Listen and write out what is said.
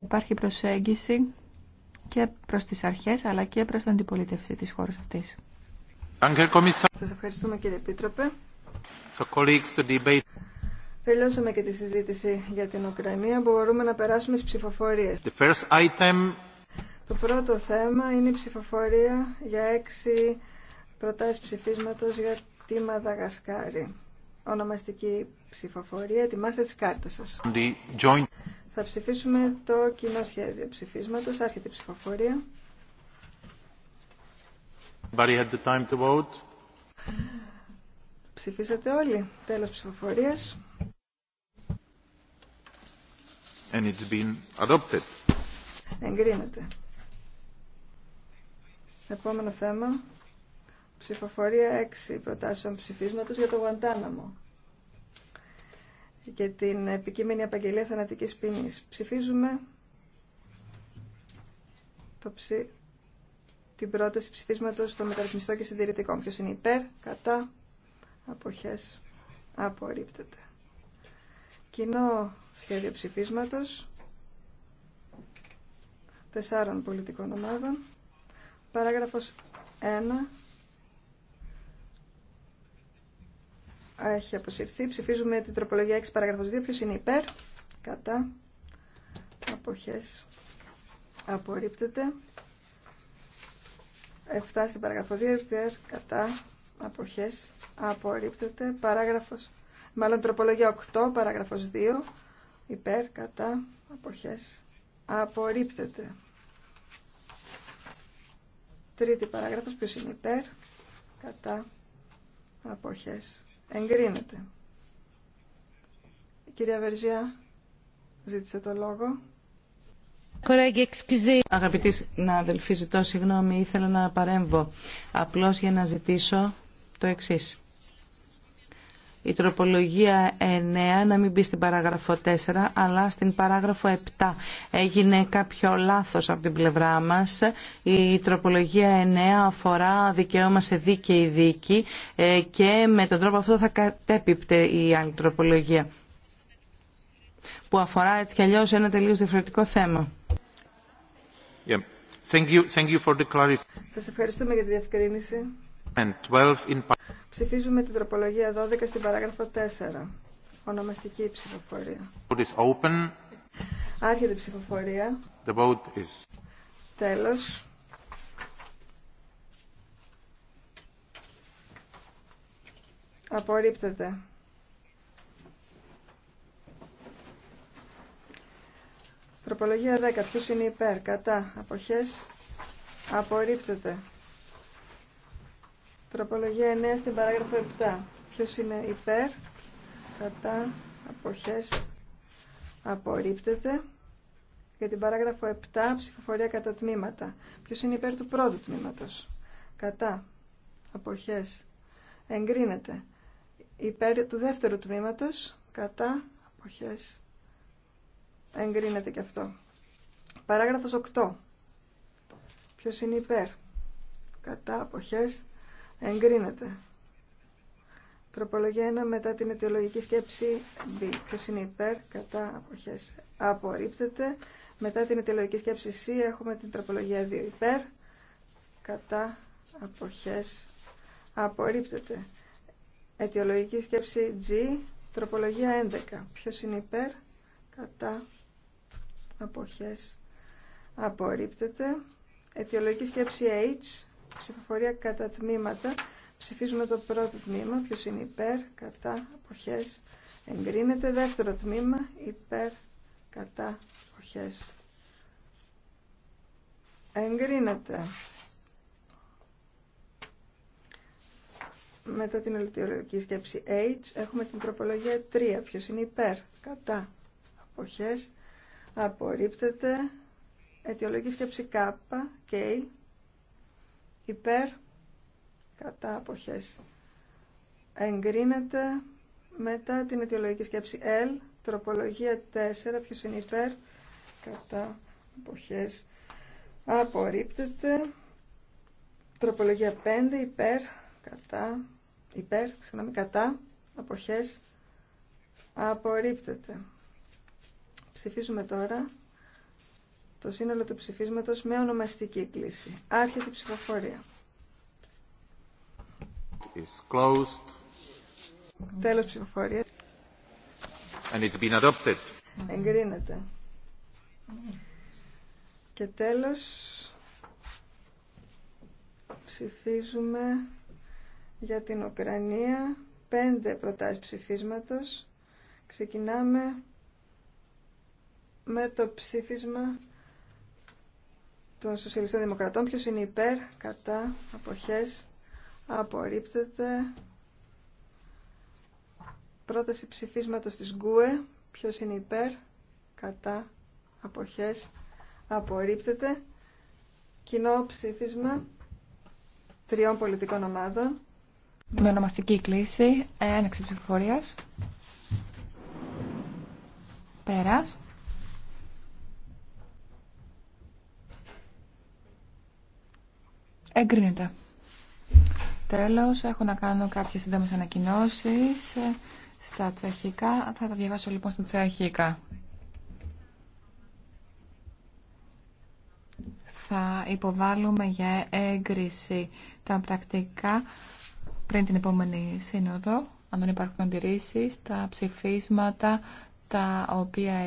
υπάρχει προσέγγιση και προς τις αρχές αλλά και προς την αντιπολίτευση της χώρας αυτής. Σας ευχαριστούμε κύριε Επίτροπε. So, Τελειώσαμε και τη συζήτηση για την Ουκρανία. Μπορούμε να περάσουμε στις ψηφοφορίες. The first item... Το πρώτο θέμα είναι η ψηφοφορία για έξι προτάσεις ψηφίσματος για τη Μαδαγασκάρη. Ονομαστική ψηφοφορία. Ετοιμάστε τις κάρτες σας. The joint... Θα ψηφίσουμε το κοινό σχέδιο ψηφίσματος. Άρχεται η ψηφοφορία. Had the time to vote. Ψηφίσατε όλοι. Τέλος ψηφοφορίας. And Εγκρίνεται. Επόμενο θέμα. Ψηφοφορία 6 προτάσεων ψηφίσματος για το Γουαντάναμο και την επικείμενη απαγγελία θανατικής ποινής. Ψηφίζουμε το ψη... την πρόταση ψηφίσματος στο μεταρρυθμιστών και συντηρητικών. Ποιος είναι υπέρ, κατά, αποχές, απορρίπτεται. Κοινό σχέδιο ψηφίσματος τεσσάρων πολιτικών ομάδων. Παράγραφος 1 έχει αποσυρθεί. Ψηφίζουμε την τροπολογία 6 παραγραφος 2. Ποιος είναι υπέρ. Κατά. Αποχές. Απορρίπτεται. 7 στην παραγραφο 2. Υπέρ. Κατά. Αποχές. Απορρίπτεται. Παράγραφος. Μάλλον τροπολογία 8 παραγραφος 2. Υπέρ. Κατά. Αποχές. Απορρίπτεται. Τρίτη παράγραφος. Ποιος είναι υπέρ. Κατά. Αποχές Εγκρίνεται. Η κυρία Βερζιά ζήτησε το λόγο. Αγαπητοί συνάδελφοι, ζητώ συγγνώμη, ήθελα να παρέμβω απλώς για να ζητήσω το εξής η τροπολογία 9 να μην μπει στην παράγραφο 4 αλλά στην παράγραφο 7. Έγινε κάποιο λάθος από την πλευρά μας. Η τροπολογία 9 αφορά δικαίωμα σε δίκαιη δίκη ε, και με τον τρόπο αυτό θα κατέπιπτε η άλλη τροπολογία που αφορά έτσι κι αλλιώς ένα τελείως διαφορετικό θέμα. Yeah. Thank you, thank you for the Σας ευχαριστούμε για τη διευκρίνηση. And 12 Ψηφίζουμε την τροπολογία 12 στην παράγραφο 4. Ονομαστική ψηφοφορία. Is open. Άρχεται η ψηφοφορία. The vote is... Τέλος. Απορρίπτεται. Τροπολογία 10. Ποιος είναι υπέρ, κατά, αποχές, απορρίπτεται. Τροπολογία 9 στην παράγραφο 7. Ποιος είναι υπέρ, κατά, αποχές, απορρίπτεται. Για την παράγραφο 7, ψηφοφορία κατά τμήματα. Ποιος είναι υπέρ του πρώτου τμήματος. Κατά, αποχές, εγκρίνεται. Υπέρ του δεύτερου τμήματος, κατά, αποχές, εγκρίνεται και αυτό. Παράγραφος 8. Ποιος είναι υπέρ. Κατά, αποχές, Εγκρίνεται. Τροπολογία 1 μετά την αιτιολογική σκέψη B. Ποιο είναι υπέρ, κατά, αποχέ. Απορρίπτεται. Μετά την αιτιολογική σκέψη C έχουμε την τροπολογία 2. Υπέρ, κατά, αποχέ. Απορρίπτεται. Αιτιολογική σκέψη G. Τροπολογία 11. Ποιο είναι υπέρ, κατά, αποχέ. Απορρίπτεται. Αιτιολογική σκέψη H ψηφοφορία κατά τμήματα. Ψηφίζουμε το πρώτο τμήμα. Ποιο είναι υπέρ, κατά, αποχές. Εγκρίνεται. Δεύτερο τμήμα. Υπέρ, κατά, αποχές. Εγκρίνεται. Μετά την ολοκληρωτική σκέψη H έχουμε την τροπολογία 3. Ποιος είναι υπέρ, κατά, αποχές. Απορρίπτεται. Αιτιολογική σκέψη K, K, υπέρ κατά αποχές εγκρίνεται μετά την αιτιολογική σκέψη L τροπολογία 4 ποιος είναι υπέρ κατά αποχές απορρίπτεται τροπολογία 5 υπέρ κατά υπέρ ξανά κατά αποχές απορρίπτεται ψηφίζουμε τώρα το σύνολο του ψηφίσματος με ονομαστική κλίση. Άρχεται η ψηφοφορία. Is Τέλος ψηφοφορία. And it's been adopted. Εγκρίνεται. Και τέλος ψηφίζουμε για την Ουκρανία πέντε προτάσεις ψηφίσματος. Ξεκινάμε με το ψήφισμα των Σοσιαλιστών Δημοκρατών. Ποιος είναι υπέρ, κατά, αποχές, απορρίπτεται. Πρόταση ψηφίσματος της ΓΚΟΕ. Ποιος είναι υπέρ, κατά, αποχές, απορρίπτεται. Κοινό ψήφισμα τριών πολιτικών ομάδων. Με ονομαστική κλίση, έναξη ψηφοφορίας. Πέρας. Εγκρίνεται. Τέλος, έχω να κάνω κάποιες σύντομες ανακοινώσεις στα τσαχικά. Θα τα διαβάσω λοιπόν στα τσαχικά. Θα υποβάλουμε για έγκριση τα πρακτικά πριν την επόμενη σύνοδο, αν δεν υπάρχουν αντιρρήσεις, τα ψηφίσματα τα οποία